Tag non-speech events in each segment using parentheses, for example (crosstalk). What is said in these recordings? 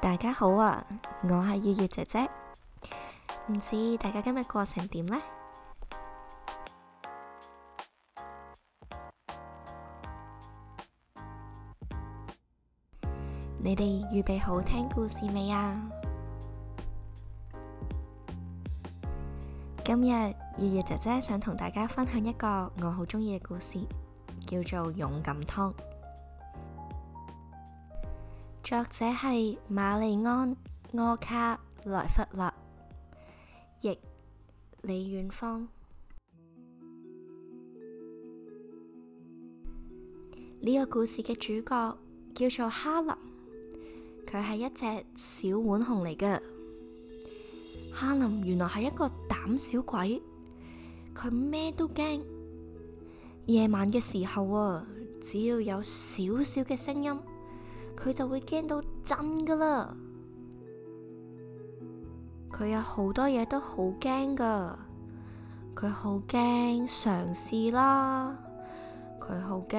大家好啊，我係月月姐姐，唔知大家今日過程點呢？ (music) 你哋預備好聽故事未啊？今日月月姐姐想同大家分享一個我好中意嘅故事，叫做《勇敢湯》。作者係瑪麗安·柯卡萊弗勒，譯李遠芳。呢個故事嘅主角叫做哈林，佢係一隻小浣熊嚟㗎。哈林原來係一個膽小鬼，佢咩都驚。夜晚嘅時候啊，只要有少少嘅聲音。佢就會驚到真㗎啦！佢有好多嘢都好驚㗎，佢好驚嘗試啦，佢好驚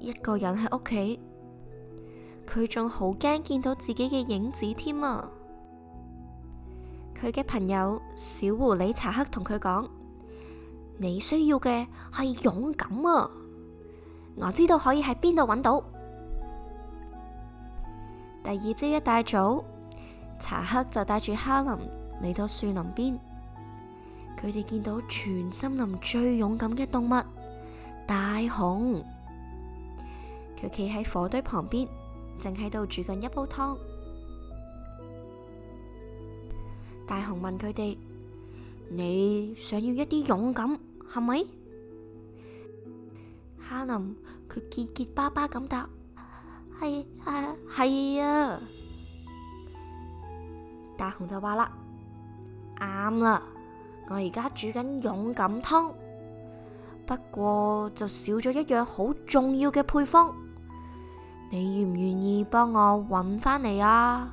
一個人喺屋企，佢仲好驚見到自己嘅影子添啊！佢嘅朋友小狐狸查克同佢講：你需要嘅係勇敢啊！我知道可以喺邊度揾到。第二朝一大早，查克就帶住哈林嚟到樹林邊。佢哋見到全森林最勇敢嘅動物大熊。佢企喺火堆旁邊，正喺度煮緊一煲湯。大熊問佢哋，你想要一啲勇敢係咪？哈林佢結結巴巴咁答。係啊，係啊！大雄就話啦，啱啦，我而家煮緊勇敢湯，不過就少咗一樣好重要嘅配方，你願唔願意幫我揾返嚟？啊？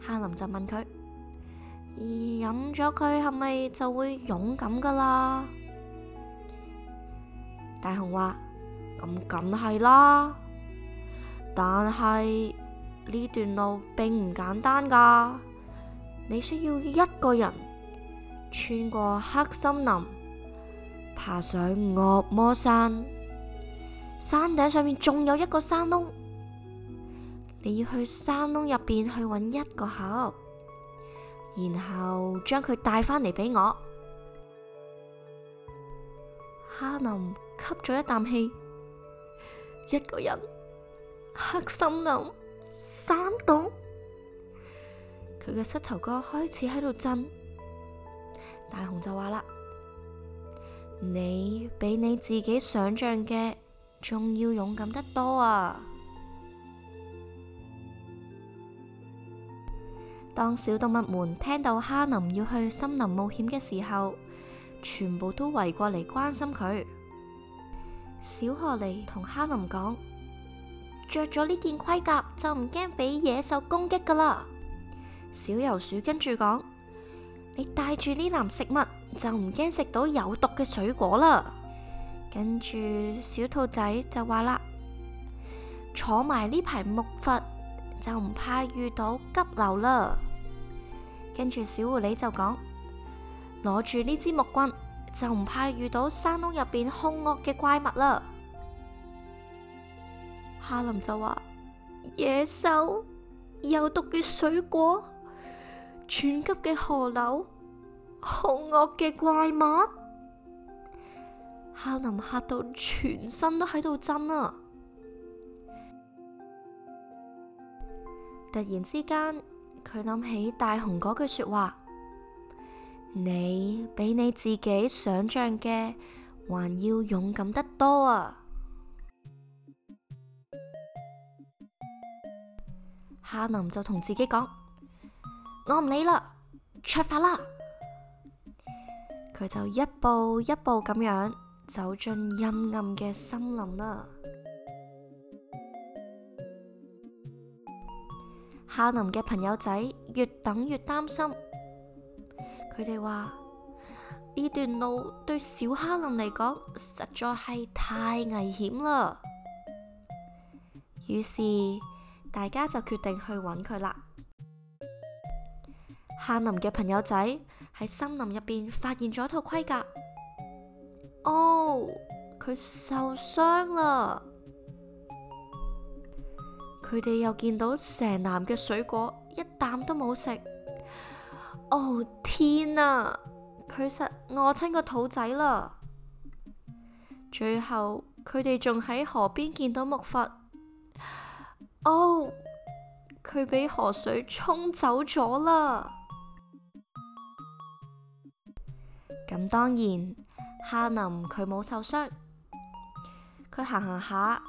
哈林就問佢：咦，飲咗佢係咪就會勇敢㗎喇？大雄話。咁梗係啦，但係呢段路並唔簡單噶你需要一個人穿過黑森林，爬上惡魔山，山頂上面仲有一個山窿，你要去山窿入邊去揾一個盒，然後將佢帶返嚟俾我。哈林吸咗一啖氣。一個人，黑森林、山洞，佢嘅膝頭哥開始喺度震，大雄就話啦：你比你自己想象嘅仲要勇敢得多啊！當小動物們聽到哈林要去森林冒險嘅時候，全部都圍過嚟關心佢。小河狸同哈林講：着咗呢件盔甲就唔驚俾野獸攻擊噶啦。小游鼠跟住講：你帶住呢籃食物就唔驚食到有毒嘅水果啦。跟住小兔仔就話啦：坐埋呢排木筏就唔怕遇到急流啦。跟住小狐狸就講：攞住呢支木棍，就唔怕遇到山窿入邊凶惡嘅怪物啦。哈林就話：野獸、有毒嘅水果、湍急嘅河流、凶惡嘅怪物。哈林吓到全身都喺度震啊！突然之間，佢諗起大雄嗰句說話。你比你自己想象嘅還要勇敢得多啊！哈林就同自己講：我唔理啦，出發啦！佢就一步一步咁樣走進陰暗嘅森林啦。哈林嘅朋友仔越等越擔心。佢哋話呢段路對小哈林嚟講實在係太危險啦。於是大家就決定去揾佢啦。哈林嘅朋友仔喺森林入邊發現咗一套盔甲。哦，佢受傷啦！佢哋又見到成籃嘅水果一啖都冇食。哦，天啊！佢實餓親個肚仔啦。最後佢哋仲喺河邊見到木筏。哦，佢俾河水沖走咗啦。咁當然，哈林佢冇受傷，佢行行下，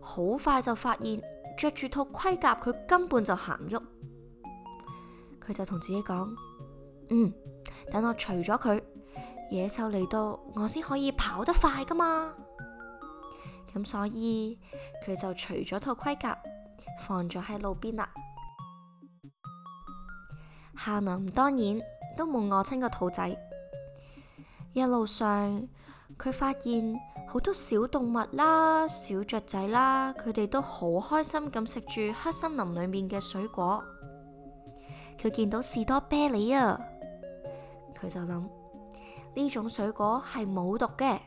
好快就發現，着住套盔甲，佢根本就行唔喐。佢就同自己講。嗯，等我除咗佢野獸嚟到，我先可以跑得快㗎嘛。咁所以佢就除咗套盔甲，放咗喺路邊啦。哈林當然都冇餓親個肚仔，一路上佢發現好多小動物啦、小雀仔啦，佢哋都好開心咁食住黑森林裏面嘅水果。佢見到士多啤梨啊！佢就諗呢種水果係冇毒嘅，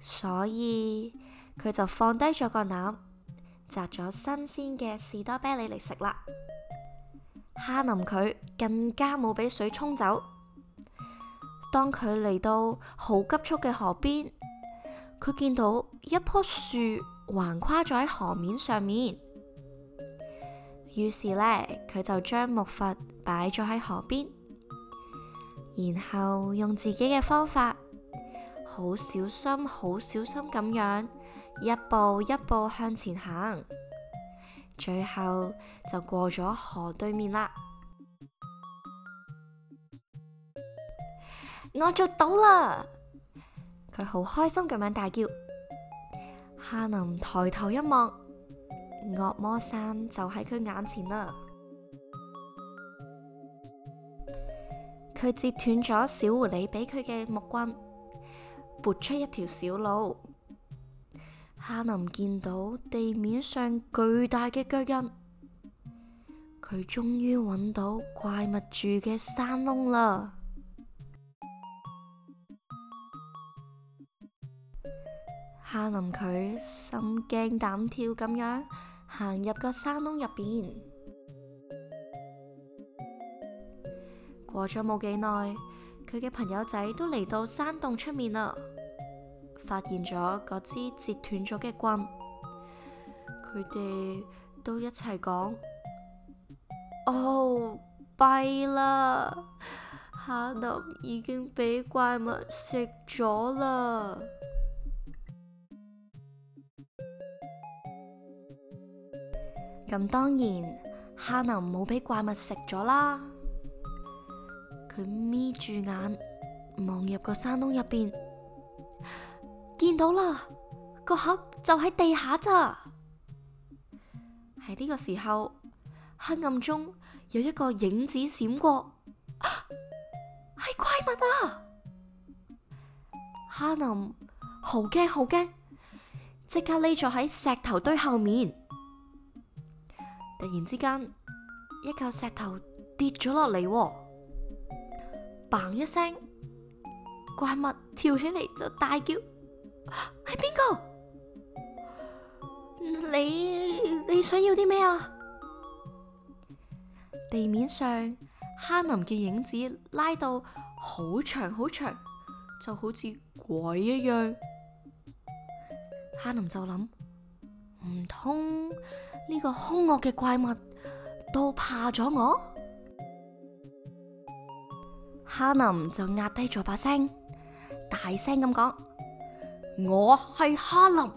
所以佢就放低咗個籃，摘咗新鮮嘅士多啤梨嚟食啦。哈林佢更加冇俾水沖走。當佢嚟到好急促嘅河邊，佢見到一棵樹橫跨咗喺河面上面，於是呢，佢就將木筏擺咗喺河邊。然後用自己嘅方法，好小心、好小心咁樣，一步一步向前行，最後就過咗河對面啦。我做到啦！佢好開心咁樣大叫。哈林抬頭一望，惡魔山就喺佢眼前啦。佢截斷咗小狐狸俾佢嘅木棍，撥出一條小路。哈林見到地面上巨大嘅腳印，佢終於揾到怪物住嘅山窿啦！哈林佢心驚膽跳咁樣行入個山窿入邊。過咗冇幾耐，佢嘅朋友仔都嚟到山洞出面啦，發現咗嗰支折斷咗嘅棍，佢哋都一齊講：哦，弊啦，哈林已經俾怪物食咗啦。咁 (music) 當然，哈林冇俾怪物食咗啦。佢眯住眼望入個山窿入邊，見到啦個盒就喺地下咋。喺呢個時候，黑暗中有一個影子閃過係、啊、怪物啊！哈林好驚好驚，即刻匿咗喺石頭堆後面。突然之間，一嚿石頭跌咗落嚟。砰一聲，怪物跳起嚟就大叫：係邊個？你你想要啲咩啊？地面上，哈林嘅影子拉到好長好長，就好似鬼一樣。哈林就諗：唔通呢個兇惡嘅怪物都怕咗我？哈林就壓低咗把聲，大聲咁講：我係哈林，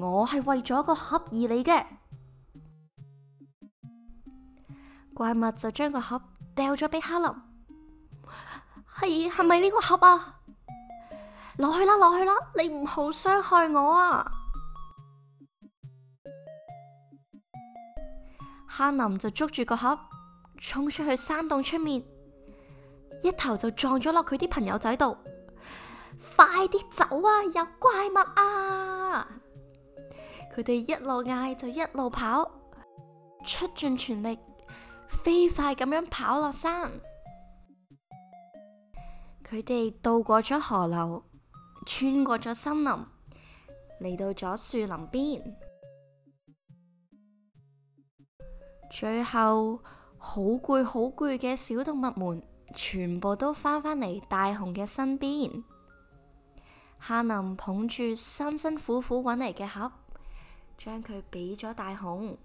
我係為咗個盒而嚟嘅。怪物就將個盒掉咗畀哈林，係，係咪呢個盒啊？落去啦，落去啦！你唔好傷害我啊！哈林就捉住個盒，衝出去山洞出面。一頭就撞咗落佢啲朋友仔度，快啲走啊！有怪物啊！佢哋一路嗌就一路跑，出盡全力，飛快咁樣跑落山。佢哋渡過咗河流，穿過咗森林，嚟到咗樹林邊。最後好攰好攰嘅小動物們。全部都返返嚟大雄嘅身邊，哈林捧住辛辛苦苦揾嚟嘅盒，將佢俾咗大雄。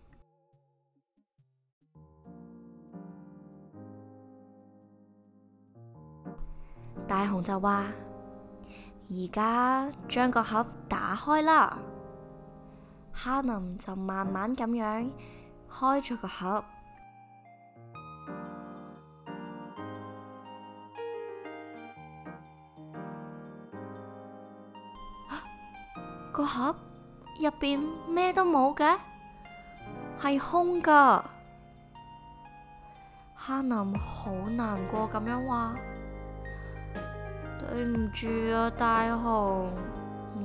大雄就話：而家將個盒打開啦。哈林就慢慢咁樣開咗個盒。個盒入邊咩都冇嘅，係空噶。哈林好難過咁樣話：對唔住啊，大雄，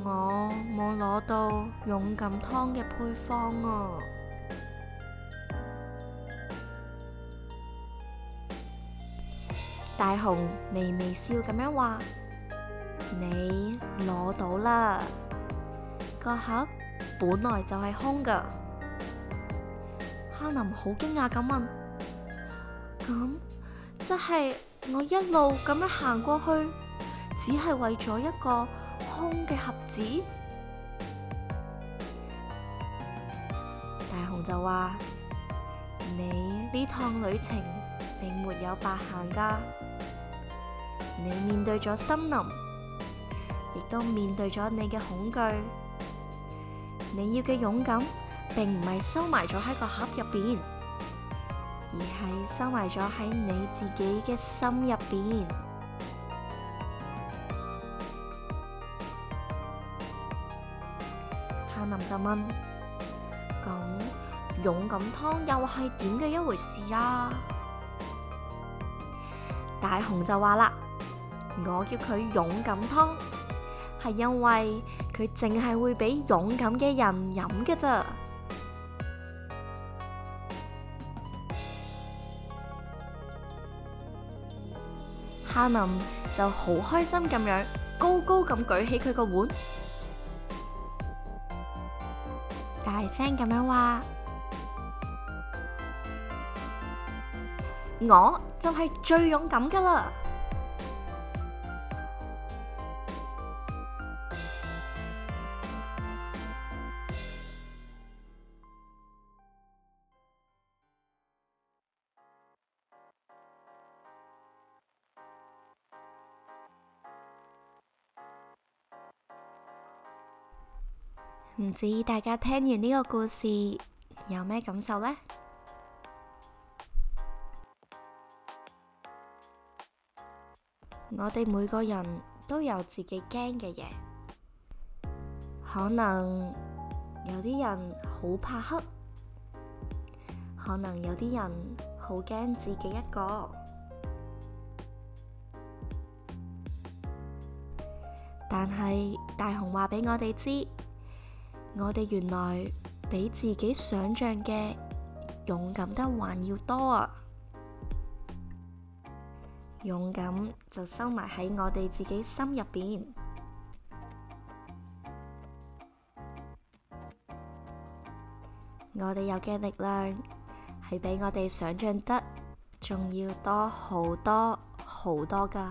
我冇攞到勇敢湯嘅配方啊。大雄微微笑咁樣話：你攞到啦。個盒本來就係空噶，哈林好驚訝咁問：咁即係我一路咁樣行過去，只係為咗一個空嘅盒子？大雄就話：你呢趟旅程並沒有白行噶，你面對咗森林，亦都面對咗你嘅恐懼。你要嘅勇敢，並唔係收埋咗喺個盒入邊，而係收埋咗喺你自己嘅心入邊。哈林就問，咁勇敢湯又係點嘅一回事啊？大雄就話啦，我叫佢勇敢湯，係因為。佢淨係會俾勇敢嘅人飲㗎咋，哈林就好開心咁樣高高咁舉起佢個碗，大聲咁樣話：我就係最勇敢噶啦！唔知大家聽完呢個故事有咩感受呢？ (music) 我哋每個人都有自己驚嘅嘢，可能有啲人好怕黑，可能有啲人好驚自己一個，但係大雄話俾我哋知。我哋原來比自己想象嘅勇敢得還要多啊！勇敢就收埋喺我哋自己心入邊，我哋有嘅力量係比我哋想象得仲要多好多好多㗎。